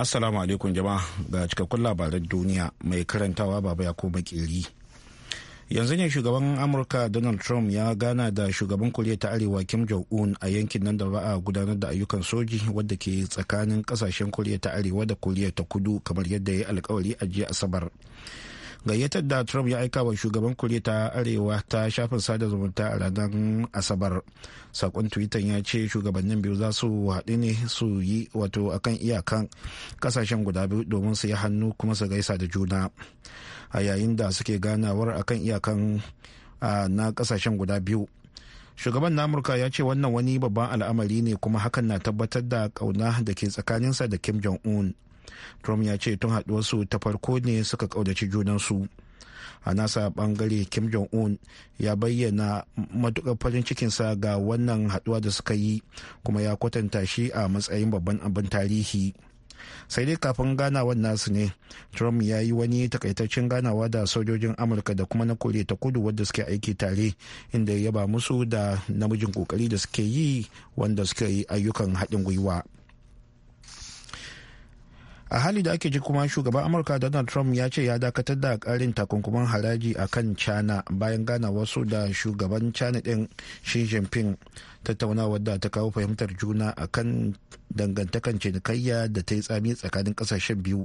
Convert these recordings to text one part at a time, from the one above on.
Assalamu alaikum jama'a ga cikakkun labaran duniya mai karantawa baba ya koma kiri. Yanzu ne shugaban Amurka Donald Trump ya gana da shugaban Koriya ta Arewa Kim Jong-un a yankin nan da ba a gudanar da ayyukan soji wadda ke tsakanin kasashen Koriya ta Arewa da Koriya ta Kudu kamar yadda ya yi alkawari a jiya Asabar. gayyatar da trump ya aika wa shugaban koriya ta arewa ta shafin sada zumunta a ranar asabar sakon twitter ya ce shugabannin biyu za su haɗu ne su yi wato akan iyakan kasashen guda biyu domin su yi hannu kuma su gaisa da juna a yayin da suke ganawar akan iyakan na kasashen guda biyu shugaban na amurka ya ce wannan wani babban al'amari ne kuma hakan na tabbatar da kauna da ke tsakaninsa da kim jong-un trump ya ce tun haɗuwarsu ta farko ne suka kaudaci junansu a nasa bangare kim jong-un ya bayyana matukar farin cikinsa ga wannan haɗuwa da suka yi kuma ya kwatanta shi a matsayin babban abin tarihi sai dai kafin ganawar nasu ne trump ya yi wani takaitaccen ganawa da sojojin amurka da kuma na kore ta kudu wadda suke aiki tare inda ya ba musu da namijin kokari da suke yi wanda suke yi ayyukan haɗin gwiwa. a hali da ake ji kuma shugaban amurka donald trump ya ce ya dakatar da karin takunkuman haraji a kan china bayan gana wasu da shugaban china din shi jinping tattaunawar da ta kawo fahimtar juna a kan dangantakan cinikayya da ta yi tsami tsakanin kasashen biyu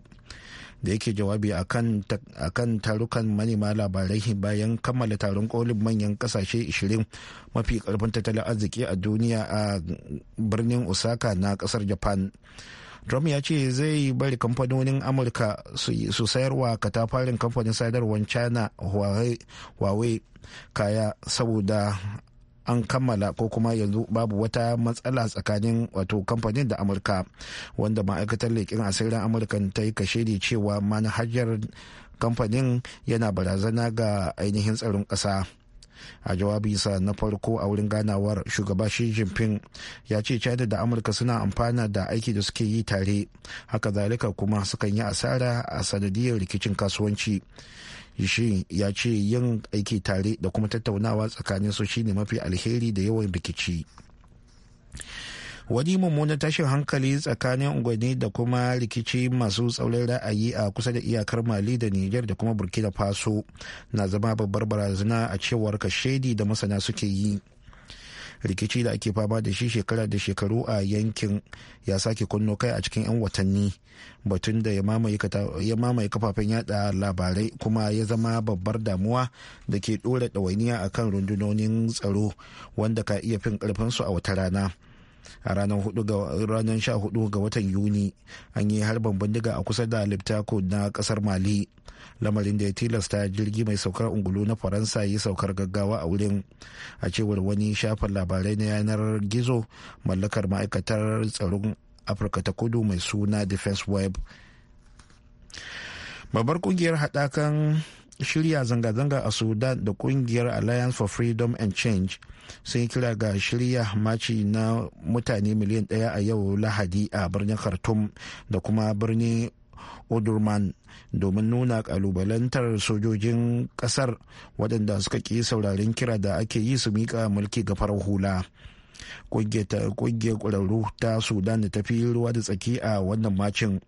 da yake jawabi a kan tarukan manema labarai bayan kammala taron kolin manyan kasashe 20 mafi karfin tattalin arziki a duniya a birnin osaka na kasar japan trump ya ce zai bari kamfanonin amurka su sayarwa katafarin kamfanin sadarwar china huawei kaya saboda an kammala ko kuma yanzu babu wata matsala tsakanin wato kamfanin da amurka wanda ma'aikatar leƙin asirin amurka ta yi kashe kashedi cewa manhajar kamfanin yana barazana ga ainihin tsaron ƙasa. a jawabinsa na farko a wurin ganawar shugaba shi jinping ya ce china da amurka suna amfana da aiki da suke yi tare haka zalika kuma sukan yi asara a sanadiyar rikicin kasuwanci shi ya ce yin aiki tare da kuma tattaunawa tsakanin su shine mafi alheri da yawan rikici wani mummunan tashin hankali tsakanin unguwanni da kuma rikici masu tsaurin ra'ayi a kusa da iyakar mali da niger da kuma burkina faso na zama babbar barazana a cewar kashedi da masana suke yi rikici da ake fama da shi shekara da shekaru a yankin ya sake kunno kai a cikin 'yan watanni batun da ya mamaye kafafen yada labarai kuma ya zama babbar damuwa da ke dora ɗawainiya a kan rundunonin tsaro wanda ka iya fin ƙarfinsu a wata rana a ranar 14 ga watan yuni an yi harban bindiga a kusa da liptako na kasar mali lamarin da ya tilasta jirgi mai saukar ungulu na faransa yi saukar gaggawa a wurin a cewar wani shafin labarai na yanar gizo mallakar ma'aikatar tsaron afirka ta kudu mai suna defense web babbar kungiyar haɗakan shirya zanga-zanga a sudan da kungiyar alliance for freedom and change sun yi kira ga shirya maci na mutane miliyan daya a yau lahadi a birnin khartoum da kuma birnin Odurman domin nuna kalubalantar sojojin kasar waɗanda suka ƙi sauraren kira da ake yi su miƙa mulki ga farar hula. kungiyar ƙwararru ta sudan da tafi ruwa da tsaki a wannan macin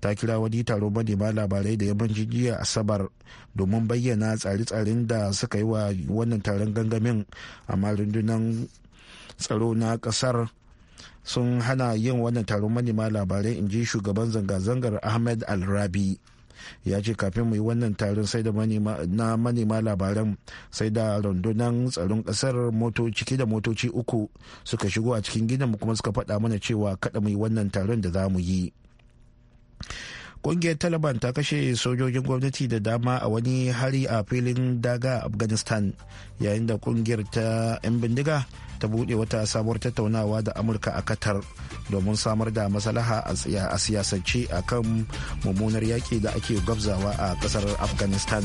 ta kira wani taro manema labarai da yammacin jiya asabar domin bayyana tsare-tsaren da suka yi wa wannan taron gangamin amma rundunar tsaro na ƙasar sun hana yin wannan taron manema labarai in ji shugaban zanga-zangar ahmed al-rabi ya ce kafin mu yi wannan taron sai da na manema labaran sai da rundunan tsaron kasar ciki da motoci uku suka shigo a cikin gidan kuma suka faɗa mana cewa kada mu yi wannan taron da za mu yi kungiyar taliban ta kashe sojojin gwamnati da dama a wani hari a filin daga afghanistan yayin da kungiyar ta 'yan bindiga ta buɗe wata sabuwar tattaunawa da amurka a qatar domin samar da masalaha a siyasance a kan mummunar yaƙi da ake gabzawa a ƙasar afghanistan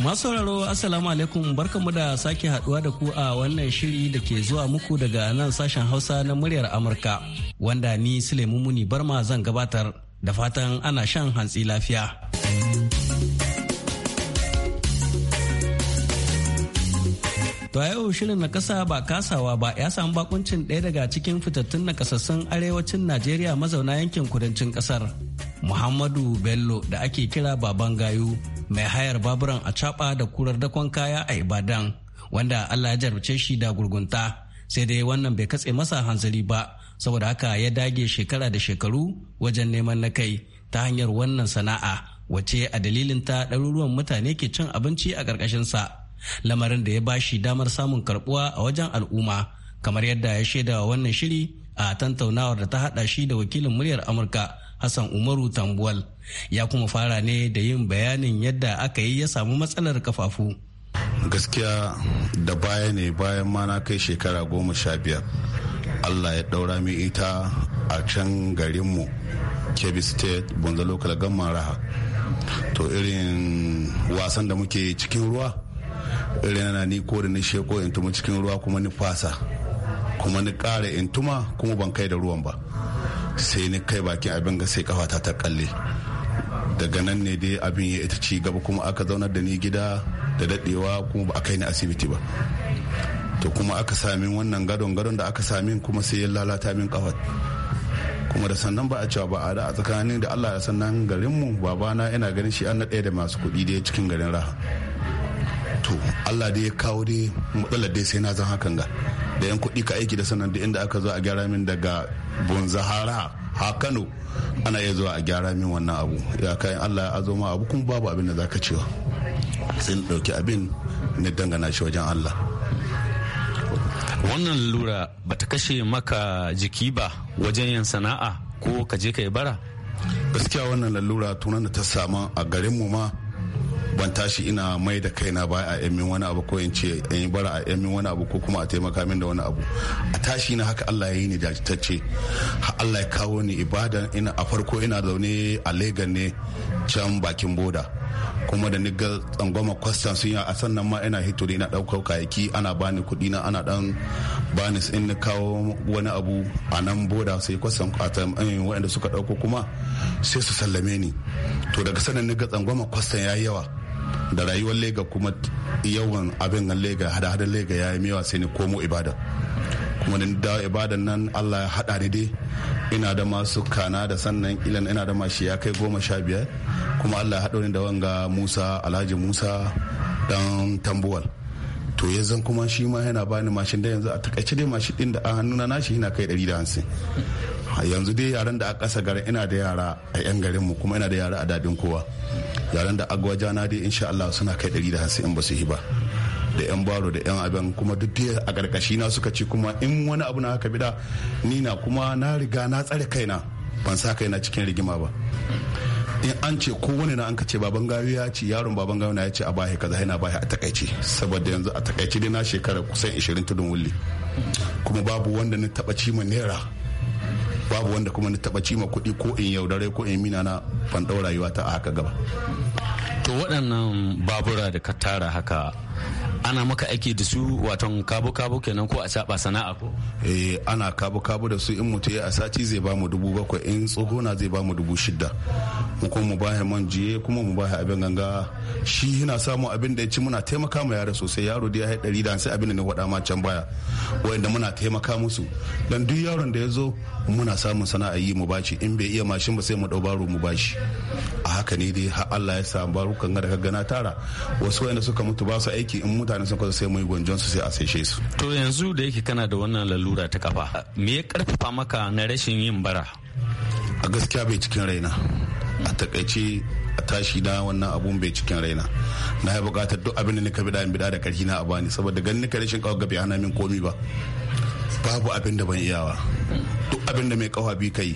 Masu sauraro Assalamu alaikum barkamu da sake haduwa da ku a wannan shiri da ke zuwa muku daga nan sashen Hausa na muryar Amurka wanda ni Suleiman Muni Barma zan gabatar da fatan ana shan hantsi lafiya. To a yau shirin na kasa ba kasawa ba ya samu bakuncin ɗaya daga cikin fitattun nakasassun arewacin Najeriya mazauna yankin kudancin kasar. Muhammadu Bello da ake kira Baban Gayu mai hayar baburan a da kurar dakon kaya a Ibadan wanda Allah ya jarbace shi da gurgunta sai dai wannan bai katse masa hanzari ba saboda haka ya dage shekara da shekaru wajen neman na kai ta hanyar wannan sana'a wace a dalilin ta ɗaruruwan mutane ke cin abinci a ƙarƙashinsa lamarin da ya bashi damar samun karbuwa a wajen al'umma kamar yadda ya shaida wannan shiri a tantaunawar da ta hada shi da wakilin muryar amurka hassan umaru tambuwal ya kuma fara ne da yin bayanin yadda aka yi ya samu matsalar kafafu gaskiya da baya ne bayan ma na kai shekara goma sha biyar allah ya daura min ita a can garinmu kebbi state bunza local gamman raha to irin wasan da muke cikin ruwa irin na ni ko da ni sheko in tuma cikin ruwa kuma ni fasa kuma ni kare in tuma kuma ban kai da ruwan ba sai ni kai bakin abin ga sai kafa ta kalle daga nan ne dai abin ya ita ci gaba kuma aka zaunar da ni gida da dadewa kuma ba a kai ni asibiti ba to kuma aka sami wannan gadon gadon da aka sami kuma sai ya lalata min kafa kuma da sannan ba a cewa ba a da a tsakanin da Allah da sannan garinmu babana yana ganin shi an na ɗaya da masu kuɗi da cikin garin raha to allah dai ya kawo dai matsalar dai sai na zan hakan ga da yan kuɗi ka aiki da sanan da inda aka zo a gyara min daga bonzahara ha kano ana iya zuwa a gyara min wannan abu ya kai allah ya azo ma abu kuma babu abin da zaka cewa sai na ɗauki abin na dangana shi wajen allah wannan lura ba ta kashe maka jiki ba wajen yin sana'a ko ka je ka yi bara gaskiya wannan lalura tunan da ta samu a garinmu ma ban tashi ina mai da kaina ba a yamin wani abu ko in ce in yi bara a yamin wani abu ko kuma a taimaka min da wani abu a tashi na haka Allah ya yi ni jajitacce Allah ya kawo ni ibada ina a farko ina zaune a Legan ne can bakin boda kuma da ni ga tsangwama kwastan sun yi a sannan ma ina hito ina ɗaukar kayaki ana bani kuɗi na ana ɗan bani in ni kawo wani abu a nan boda sai kwastan a eh, waɗanda suka ɗauko kuma sai su sallame ni to daga sanin ni ga tsangwama kwastan ya yi yawa da rayuwar lega kuma yawan abin a lega hada-hada lega ya yi mewa sai ni komo ibada kuma da da ibadan nan allah ya hada ni dai ina da masu kana da sannan ilan ina da mashi ya kai goma sha biyar kuma allah ya haɗo ni da wanga musa alhaji musa dan tambuwal to ya zan kuma shi ma yana bani mashin da yanzu a takaice dai mashi din da a hannuna nashi yana kai da 150 yanzu dai yaren da a ƙasa garin ina da yara a 'yan garin mu kuma ina da yara a dadin kowa yaran da agwaja na dai insha Allah suna kai 150 in ba su yi ba da 'yan baro da 'yan abin kuma duk dai a ƙarƙashi na suka ce kuma in wani abu na haka bida ni na kuma na riga na tsare kaina ban sa kaina cikin rigima ba in an ce ko wani na an ka ce baban gawi ya ce yaron baban gawi na ya ce a bahi kaza yana bahi a takaici. saboda yanzu a takaici dai na shekara kusan 20 tudun wulli kuma babu wanda na taba ci ma naira babu wanda kuma ni taba cima kuɗi ko in yaudare ko in mina na ban rayuwa ta haka gaba to waɗannan babura da ka tara haka ana maka aiki da su waton kabo kabo kenan ko a saba sana'a ko eh ana kabo kabo da su in mutu a sati zai ba mu dubu bakwai in tsogona zai ba mu dubu shida mu kuma mu bahe man jiye kuma mu bahe abin ganga shi yana samun abin da ya ci muna taimaka ma yara sosai yaro da ya haɗa ɗari da sai abin da na faɗa ma can baya wanda muna taimaka musu dan duk yaron da ya zo muna samun sana'a yi mu bashi in bai iya mashin ba sai mu ɗau baro mu bashi a haka ne dai har Allah ya sa barukan ga daga ka gana tara wasu wanda suka mutu ba su aiki in mutane mutane sun kwasa sai mu yi gwanjon su sai a saishe su to yanzu da yake kana da wannan lalura ta kafa me ya karfafa maka na rashin yin bara a gaskiya bai cikin raina a takaice a tashi da wannan abun bai cikin raina na ya bukatar duk abin da nika bida in bida da karfi na a bani saboda ganin ka rashin kawo gabe hana min komi ba babu abin da ban iyawa duk abin da mai kawa bi kai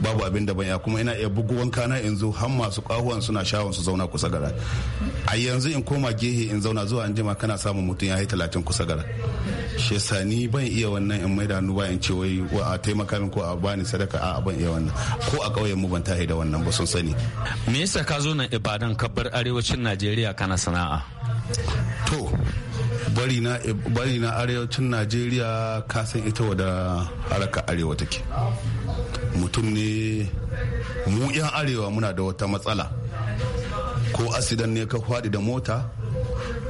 babu abin da ban iya kuma ina iya buguwan kana yanzu har masu kahuwan suna shawon su zauna kusa gara a yanzu in koma gehe in zauna zuwa an jima kana samun mutum ya yi talatin kusa gara shi yasa ni ban iya wannan in maida hannu ba in ce wai a taimaka min ko a bani sadaka a ban iya wannan ko a ƙauyen mu ban tahi da wannan ba sun sani me yasa ka zo nan Ibadan kabbar arewacin Najeriya kana sana'a to bari na bari arewacin najeriya kasan ita wada haraka arewa take mutum ne mu 'yan arewa muna da wata matsala ko asidan ne ka faɗi da mota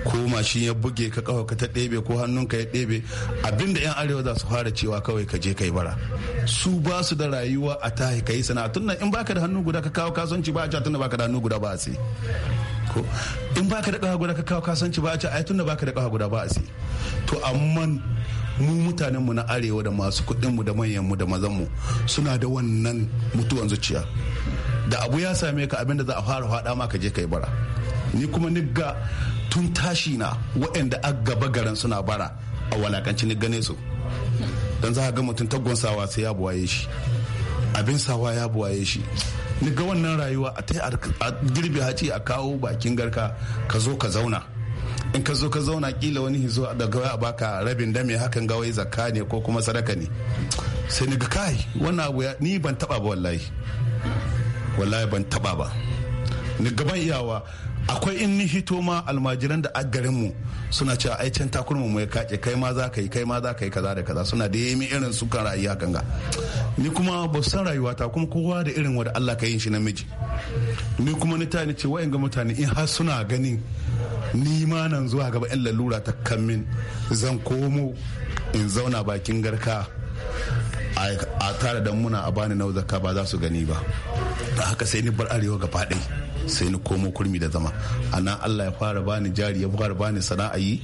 ko mashin ya buge ka kawo ka ta ɗebe ko hannunka ya ɗebe abinda 'yan arewa za su fara cewa kawai ka je kai bara su ba su da rayuwa a tahi ka yi sana'a tunan in baka da hannu guda ka kawo kasuwanci ba a tun baka da hannu guda ba a sai ko in baka da kafa guda ka kawo kasanci ba a ce ai tunda baka da kafa guda ba a sai to amma mu mutanen mu na arewa da masu kuɗin mu da manyan mu da mazan mu suna da wannan mutuwan zuciya da abu ya same ka abinda za a fara faɗa ma ka je kai bara ni kuma ni ga tun tashi na waɗanda a gaba garan suna bara a walakanci ni gane su don za a ga mutum tagon sawa sai ya buwaye shi abin sawa ya buwaye shi ni ga wannan rayuwa a ta a girbi haci a kawo bakin garka ka zo ka zauna in ka zo ka zauna kila wani hizo gawa a baka rabin da dame hakan ga wai zakka ne ko kuma sadaka ne sai ni ga kai wannan abu ni ban taba ba wallahi wallahi ban taba ba ni gaban iyawa akwai in ni hito ma almajiran da agarin mu suna cewa ai can takurmu mu ya kace kai ma za ka yi kai ma za ka yi kaza da kaza suna da yemi irin su kan rayuwa ganga ni kuma ba san rayuwata kuma kowa da irin wanda Allah ka yin shi namiji ni kuma ni ta ni ce wayan ga mutane in har suna ganin ni ma nan zuwa gaba in lalura ta kammin zan komo in zauna bakin garka a tare da muna a bani na ba za su gani ba da haka sai ni bar arewa gaba ɗaya sai ni komo kurmi da zama ana Allah ya fara bani jari ya fara bani sana'a yi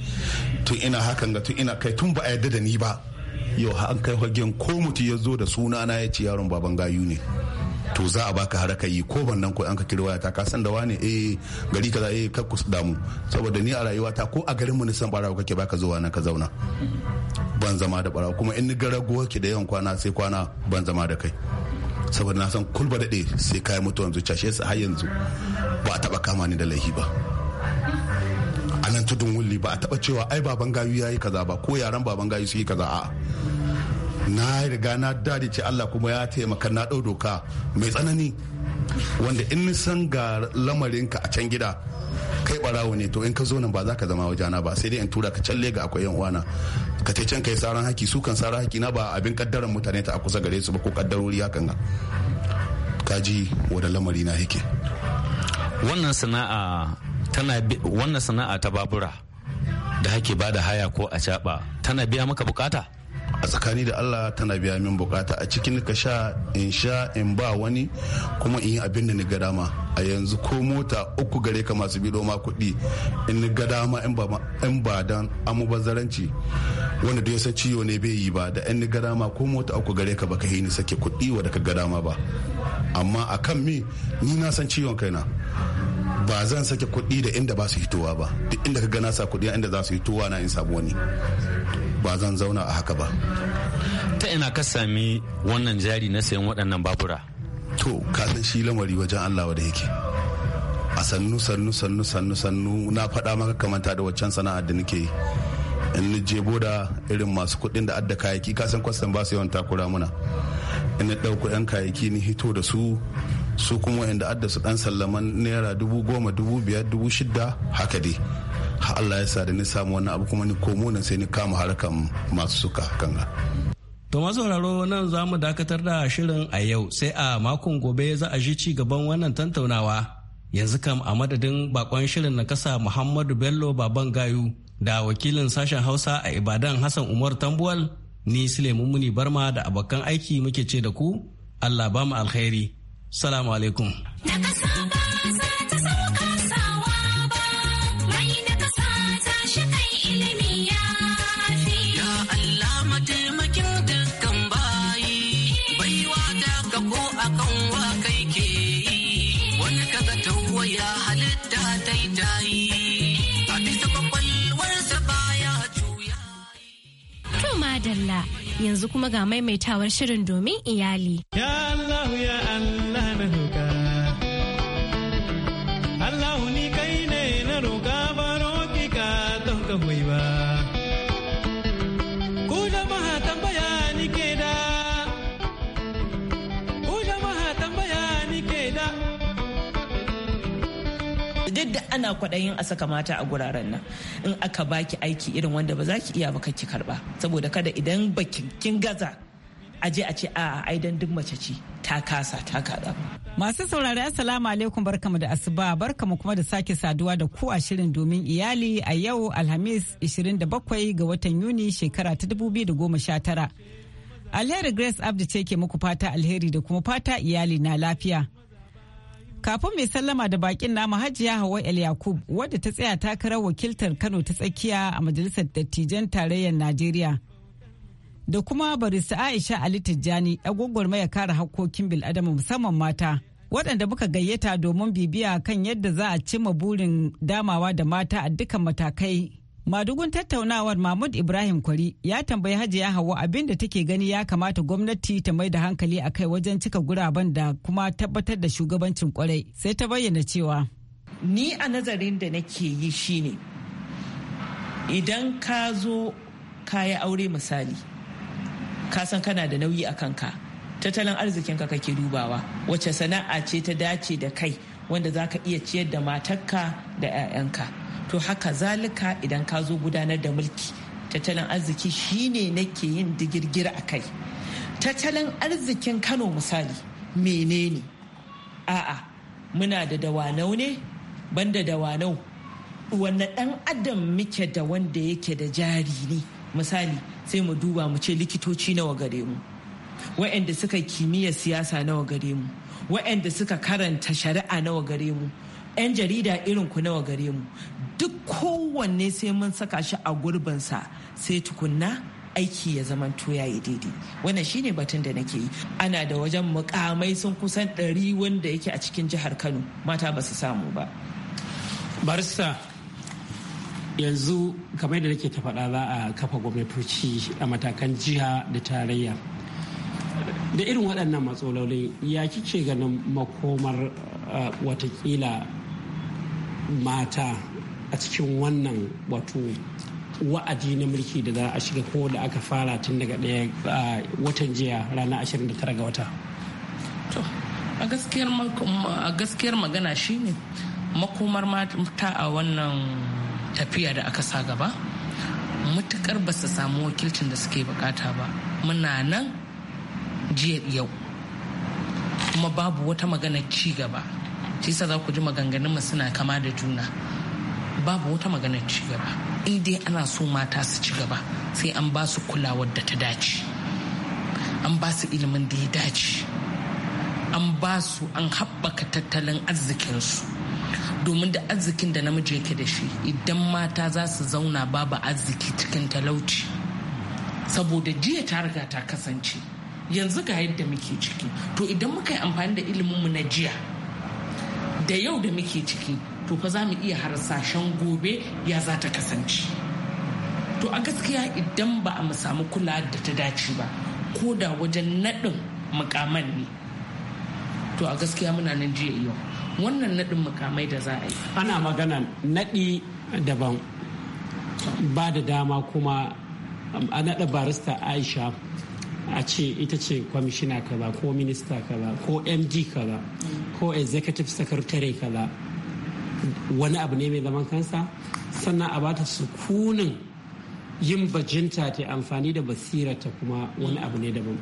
tun ina hakan ga tun ina kai tun ba a yarda da ni ba yau an kai hagen ko mutum ya zo da suna na ya ce yaron baban gayu ne to za a baka haraka yi ko ban nan ko an ka kira waya ta ka san da wani eh gari kaza eh ka kusa damu saboda ni a rayuwata ko a garin mu ni san barawo kake baka zuwa nan ka zauna ban zama da barawo kuma in ni garago kake da yawan kwana sai kwana ban zama da kai saboda na san kulba daɗe sai kayan mutuwan zuciya shi har yanzu ba a taɓa kama ni da laifi ba a nan tudun wulli ba a taɓa cewa ai baban gayu ya yi kaza ba ko yaran baban gayu su yi kaza a na riga na dadi ce Allah kuma ya taimaka na ɗau doka mai tsanani wanda in san ga lamarinka a can gida kai barawo ne to in ka zo nan ba za ka zama wajena ba sai dai in tura ka can lega akwai yan uwana ka ce can kai saran haki su kan saran haki na ba abin kaddaran mutane ta a kusa gare su ba ko kaddarori hakan nan kaji wadda lamari na yake wannan sana'a wannan sana'a ta babura da hake bada haya ko a tana biya maka bukata a tsakani da Allah tana biya min bukata a cikin ka sha in sha in ba wani kuma in yi abin da ni ga dama a yanzu ko mota uku gare ka masu bido ma kuɗi in ni ga dama in ba dan bazaranci wanda da ya san ciwo ne bai yi ba da in ni ga dama ko mota uku gare ka baka yi ni sake kuɗi wa da ka ga dama ba amma a kan mi ni na san ciwon kaina ba zan sake kuɗi da inda ba su hitowa ba duk inda ka gana sa kuɗi inda za su hitowa na in samu wani ba zan zauna a haka ba ta ina ka sami wannan jari na sayan waɗannan babura to san shi lamari wajen allah da yake a sannu sannu sannu sannu sannu na faɗa maka kamanta da waccan sana'ar da nake yi in ni je boda irin masu kuɗin da adda kayaki kasan kwastan ba su yawan takura muna in ni ɗauko ɗan kayaki ni hito da su su kuma inda adda su ɗan sallaman naira dubu goma dubu biyar dubu shidda haka dai har Allah ya sa da ni samu wannan abu kuma ni komo nan sai ni kama harkan masu suka kanga To sauraro nan za mu dakatar da shirin a yau sai a makon gobe za a ji ci gaban wannan tantaunawa. Yanzu kam a madadin bakon shirin na kasa Muhammadu Bello Baban Gayu da wakilin sashen Hausa a Ibadan Hassan Umar Tambuwal ni Suleiman Muni Barma da abokan aiki muke ce da ku Allah ba mu alkhairi. Salamu alaikum. yanzu kuma ga maimaitawar shirin domin iyali. ana kwaɗayin a saka mata a guraren nan in aka baki aiki irin wanda ba za ki iya ba ki karba saboda kada idan bakin kin gaza a je a ce a aidan duk mace ce ta kasa ta kaza Masu saurari Assalamu alaikum barkamu da asuba barkamu kuma da sake saduwa da ku a shirin domin iyali a yau Alhamis 27 ga watan Yuni shekara ta 2019. Alheri Grace Abdi ce ke muku fata alheri da kuma fata iyali na lafiya. Kafin mai sallama da bakin nama Hajiya Hawa El Yakub wadda ta tsaya takarar wakiltar Kano ta tsakiya a Majalisar Dattijan Tarayyar Najeriya. Da kuma barista Aisha Ali Tijjani ya kare hakkokin bil'adama musamman mata. Waɗanda muka gayyata domin bibiya kan yadda za a cimma burin damawa da mata a dukkan matakai madugun tattaunawar mahmud ibrahim kwari ya tambayi hajiya hawa abin da take gani ya kamata gwamnati ta mai da hankali a kai wajen cika guraben da kuma tabbatar da shugabancin kwarai sai ta bayyana cewa ni a nazarin da nake yi shine idan ka zo ka aure misali ka san kana da nauyi a kanka tattalin arzikinka kake dubawa wacce sana'a ce ta dace da kai wanda za ka iya ciyar da matarka da 'ya'yanka to haka zalika idan ka zo gudanar da mulki tattalin arziki shine nake yin digirgir a kai tattalin arzikin kano misali menene a'a muna da dawanau ne banda dawanau wanne dan adam muke da wanda yake da jari ne misali sai mu duba mu ce likitoci nawa gare mu wa'anda suka kimiyyar siyasa nawa gare mu wa'anda suka karanta shari'a nawa gare mu 'yan jarida irin ku nawa gare mu duk kowanne sai mun saka shi a gurbinsa sai tukunna aiki ya zama ya yi daidai wannan shine batun da nake yi ana da wajen mukamai sun kusan ɗari wanda yake a cikin jihar kano mata ba su samu ba barista yanzu kamar da nake ta faɗa za a kafa gwamnatoci a matakan jiha da tarayya da irin waɗannan matsaloli ya kike ganin makomar eh, watakila mata a cikin wannan wato wa'adi na mulki da za a shiga ko da aka fara tun daga ɗaya watan jiya ranar 29 ga wata a gaskiyar magana shine makomar mata a wannan tafiya da aka sa gaba matukar ba su samu wakilcin da suke bukata ba muna nan jiya yau kuma babu wata magana ci gaba shisa za ku ji maganganun mu suna kama da juna babu wata maganar ci gaba in dai ana so mata su ci gaba sai an ba su kulawar da ta dace an ba su ilimin da ya dace an ba su an haɓaka tattalin arzikinsu domin da arzikin da namiji yake da shi idan mata za su zauna babu arziki cikin talauci saboda jiya ta riga ta kasance yanzu ga yadda muke ciki to idan muka yi amfani da ilimin mu na jiya da yau da muke ciki to fa za mu iya harsashen gobe ya za ta kasance to a gaskiya idan ba a mu samu kula da ta dace ba ko da wajen naɗin mukaman ne to a gaskiya muna nan jiya yau wannan naɗin mukamai da za a yi ana magana naɗi daban ba da dama kuma a naɗa barista aisha a ce ita ce kwamishina kaza ko minista kaza ko md kaza ko executive secretary kaza wani abu ne mai zaman kansa sannan a bata sukunin yin bajinta ta amfani da basira ta kuma wani abu ne daban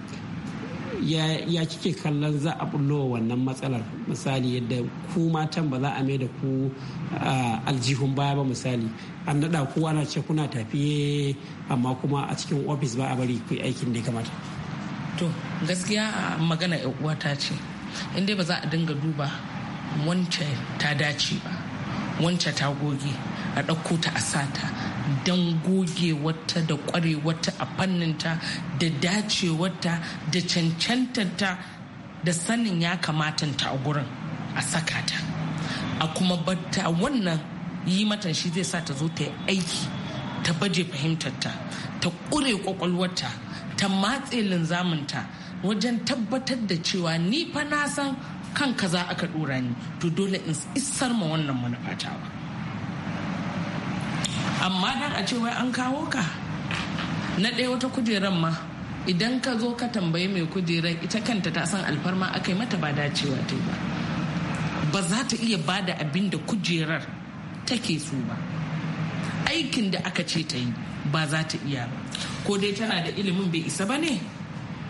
ya kike kallon za a bullo wannan matsalar misali yadda ku matan ba za a mai da ku aljihun baya ba misali an naɗa ku ana ce kuna tafiye amma kuma a cikin ofis ba a bari ku aikin da ya kamata to gaskiya magana uwata ce inda ba za a dinga duba wance ta dace ba wance ta goge a ɗauko ta a sata don goge wata da ƙware wata a fanninta da dace wata da cancantanta da sanin ya kamata ta a gurin a saka ta a kuma batta wannan yi mata shi zai sa ta zo ta yi aiki ta baje fahimtarta ta ƙure ƙwaƙwalwarta ta matse linzaminta wajen tabbatar da cewa ni fa na san kan kaza aka dora ni to dole in isar ma wannan manufa ba amma dan a ce wai an kawo ka na ɗaya wata kujerar ma idan ka zo ka tambayi mai kujerar ita kanta ta san alfarma aka yi mata ba dacewa ta ba ba za ta iya bada da abin da kujerar take so ba aikin da aka ce ta yi ba za ta iya ba ko dai tana da ilimin bai isa ba ne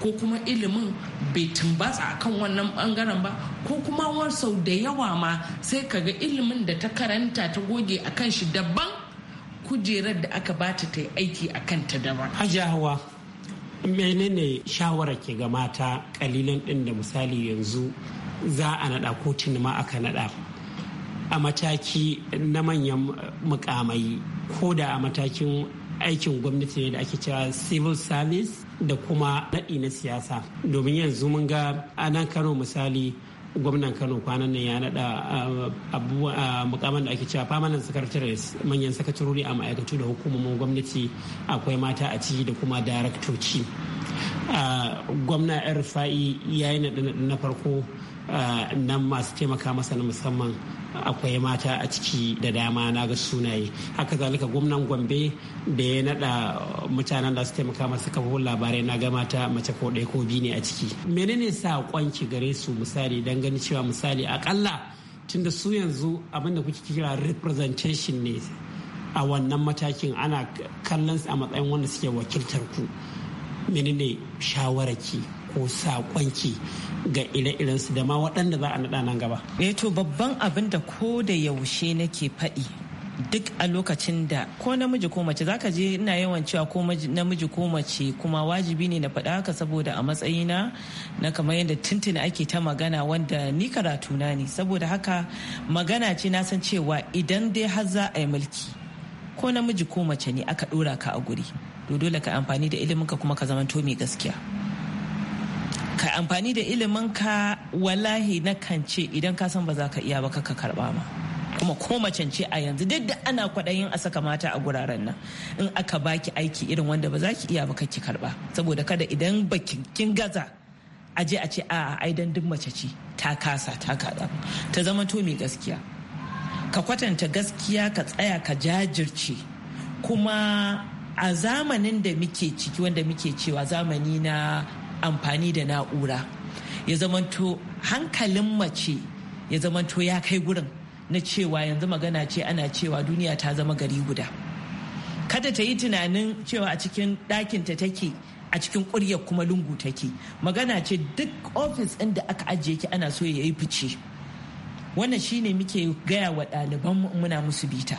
ko kuma ilimin bai tumbatsa akan wannan bangaren ba ko kuma sau da yawa ma sai ka ga ilimin da ta karanta ta goge akan shi daban kujerar da aka bata ta yi aiki akan ta daban hawa menene shawara ke ga mata kalilan din da misali yanzu za a nada ko ma aka nada a mataki na manyan mukamai ko da a matakin aikin gwamnati ne da ake cewa civil service da kuma naɗi na siyasa domin yanzu mun ga anan kano misali gwamnan kano kwanan nan ya naɗa ah, ah, mukamman da ake cewa permanent secretaries manyan sakatarori a ma'aikatu da hukumomin gwamnati akwai mata a ciki da kuma daraktoci ah, gwamna yar fa'i ya yi naɗe na farko nan masu taimaka masa na musamman akwai mata a ciki da dama na ga sunaye haka zalika gwamnan gombe da ya nada mutanen da su taimaka masa kafofin labarai na ga mata mace ko ɗaya ko biyu ne a ciki menene sa ki gare su misali dan ganin cewa misali akalla tunda su yanzu abinda kuke kira representation ne a wannan matakin ana kallon su a matsayin wanda suke wakiltar ku menene shawararki ko sakonki ga ire-iren su da ma waɗanda za a naɗa nan gaba. Eh to babban abin da ko da yaushe nake faɗi duk a lokacin da ko namiji ko mace zaka je ina yawan cewa ko namiji ko mace kuma wajibi ne na faɗa haka saboda a matsayina na kamar yadda tuntuna ake ta magana wanda ni karatuna ne saboda haka magana ce na san cewa idan dai har za a yi mulki ko namiji ko mace ne aka ɗora ka a guri to dole ka amfani da ilimin ka kuma ka zamanto mai gaskiya. ka amfani da ilimin ka wallahi na kance idan ka san ba za ka iya ba ka karba ma kuma ko macance a yanzu duk da ana kwaɗayin a saka mata a guraren nan in aka baki aiki irin wanda ba za ki iya ba ki karba saboda kada idan baki kin gaza a je a ce a dan duk mace ce ta kasa ta kaza ta zama to mai gaskiya ka kwatanta gaskiya ka tsaya ka jajirce kuma a zamanin da muke ciki wanda muke cewa zamani na amfani da na'ura ya zamanto hankalin mace ya zamanto ya kai gurin na cewa yanzu magana ce ana cewa duniya ta zama gari guda kada ta yi tunanin cewa a cikin ɗakinta take a cikin ƙuryar kuma lungu take magana ce duk ofis ɗin da aka ajiye ki ana so ya yi fice wannan shine muke gaya wa ɗaliban muna musu bita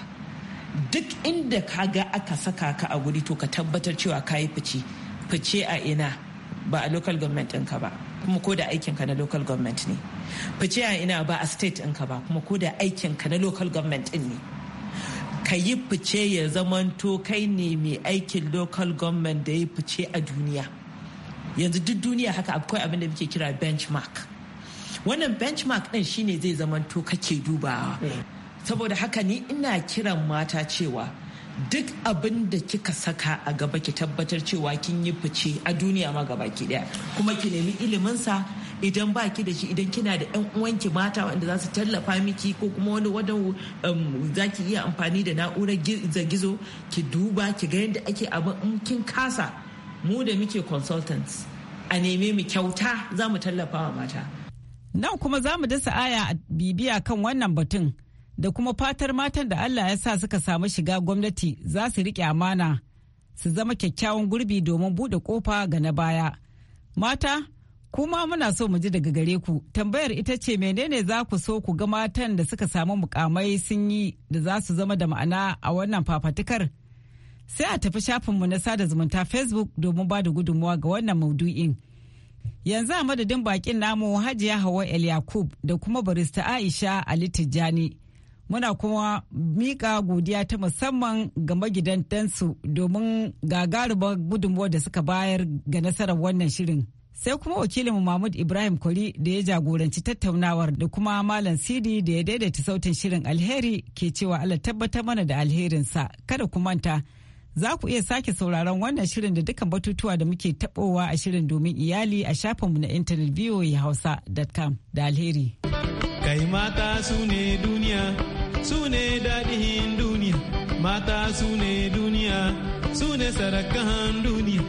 duk inda ka ga aka saka ka a guri to ka tabbatar cewa ka yi fice fice a ina ba a local government ɗinka ba kuma ko da aikinka na local government ne fice a ina ba a state ɗinka ba kuma ko da aikinka na local government ɗin ne ka yi fice ya zamanto kai ne mai aikin local government da ya fice a duniya yanzu duk duniya haka akwai abin da muke kira benchmark wannan benchmark ɗin shine zai zamanto kake dubawa mm. saboda haka ni ina kiran mata cewa duk abin da kika saka a gaba ki tabbatar cewa kin yi fice a duniya ma gaba ki daya kuma ki nemi iliminsa idan ba ki da shi idan kina da yan uwanki mata wanda za su tallafa miki ko kuma wani wadan um, za ki iya amfani da na'urar gizo ki duba ki ga yadda ake abin in kin kasa mu da muke consultants a neme mu kyauta za mu tallafa wa mata nan kuma za mu dasa aya bibiya kan wannan batun da kuma fatar matan da Allah ya sa suka samu shiga gwamnati za su riƙe amana su zama kyakkyawan gurbi domin buɗe ƙofa ga na baya. Mata, kuma muna so mu ji daga gare ku tambayar ita ce menene za ku so ku ga matan da suka samu mukamai sun yi da za su zama da ma'ana a wannan fafatukar. Sai a tafi shafinmu na sada zumunta Facebook domin ba da gudunmuwa ga wannan maudu'in. Yanzu a madadin bakin namu Hajiya Hawa El Yakub da kuma barista Aisha Ali Tijjani. muna kuma mika godiya ta musamman ga magidantansu domin gagarumar gudunmuwar da suka bayar ga nasarar wannan shirin sai kuma wakilinmu mahmud ibrahim Kori da ya jagoranci tattaunawar da kuma malam sidi da ya daidaita sautin shirin alheri ke cewa allah tabbatar mana da alherinsa kada ku manta za ku iya sake sauraron wannan shirin da dukkan batutuwa da muke tabowa a shirin domin iyali a shafinmu na intanet voahausa.com da alheri. kai mata su ne duniya su ne daɗin duniya mata su ne duniya su ne sarakan duniya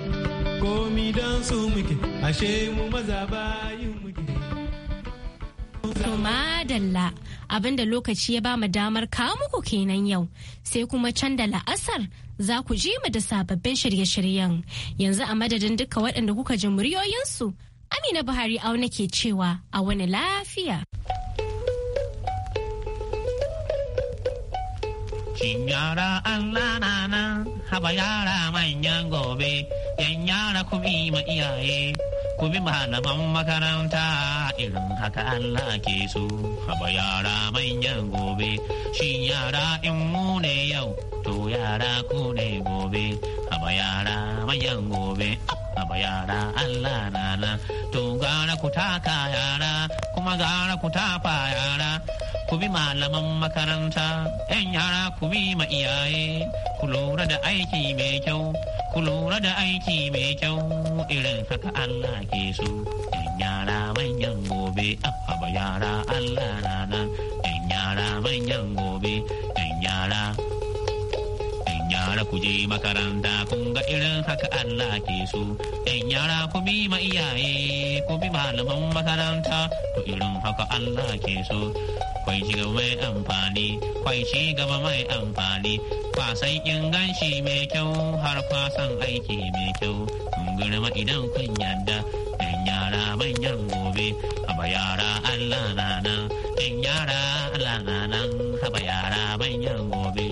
komi don su muke ashe mu maza yi muke To madalla abinda lokaci ya ba mu damar kawo muku kenan yau sai kuma can da la'asar za ku ji mu da sababbin shirye-shiryen yanzu a madadin duka waɗanda kuka ji muryoyinsu amina buhari auna ke cewa a wani lafiya. Yan yara Allah na haba yara manyan gobe, yan yara ku bi ma iyaye, ku bi makaranta irin haka Allah ke so. Haba yara manyan gobe, shi yara in mu ne yau, to yara ku ne gobe, haba yara manyan gobe. Haba yara to gara ku taka yara, kuma gara ku tafa yara. ku bi malaman makaranta, ‘yan yara ku bi ma iyaye, ku lura da aiki mai kyau, ku lura da aiki mai kyau, irin haka Allah ke so. ‘Yan yara manyan gobe, abba yara Allah rana, ‘yan yara manyan gobe, ‘yan yara. yara ku je makaranta kun ga irin haka Allah ke so. ‘Yan yara ku bi ma iyaye ku bi malaman makaranta to irin haka Allah ke so. kwai ci gaba mai amfani kwai ci gaba mai amfani kwasan inganci mai kyau har kwasan aiki mai kyau kun girma idan kun yarda yan yara manyan gobe haba yara Allah na nan yan yara Allah na nan haba yara manyan gobe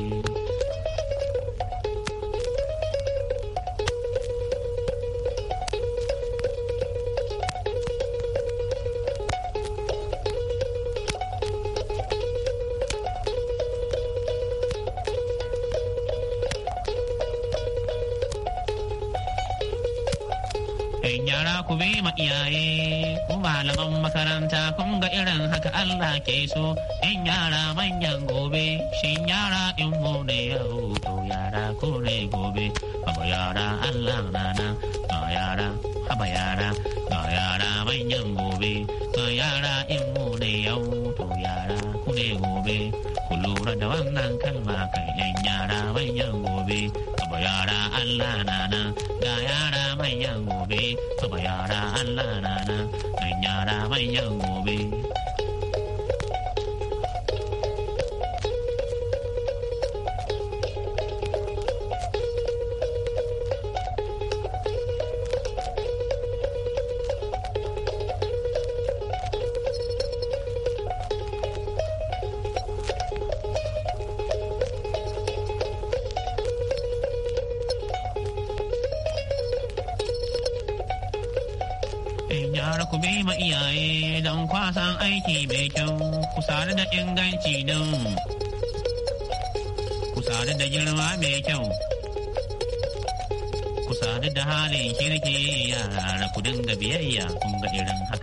iyaye ku malaman makaranta kun ga irin haka Allah ke so in yara manyan gobe shin yara in mu ne yau to yara ko ne gobe haba yara Allah rana ba yara haba yara ba yara manyan gobe ga yara in mu ne yau to yara ku ne gobe ku lura da wannan kalma kan yan yara manyan gobe haba yara Allah na yara Allah rana, an yara manyan gobe. aiki mai kyau ku sadu da inganci don ku sadu da girma mai kyau ku sadu da halin kirki yara ku dinga biyayya kun ga irin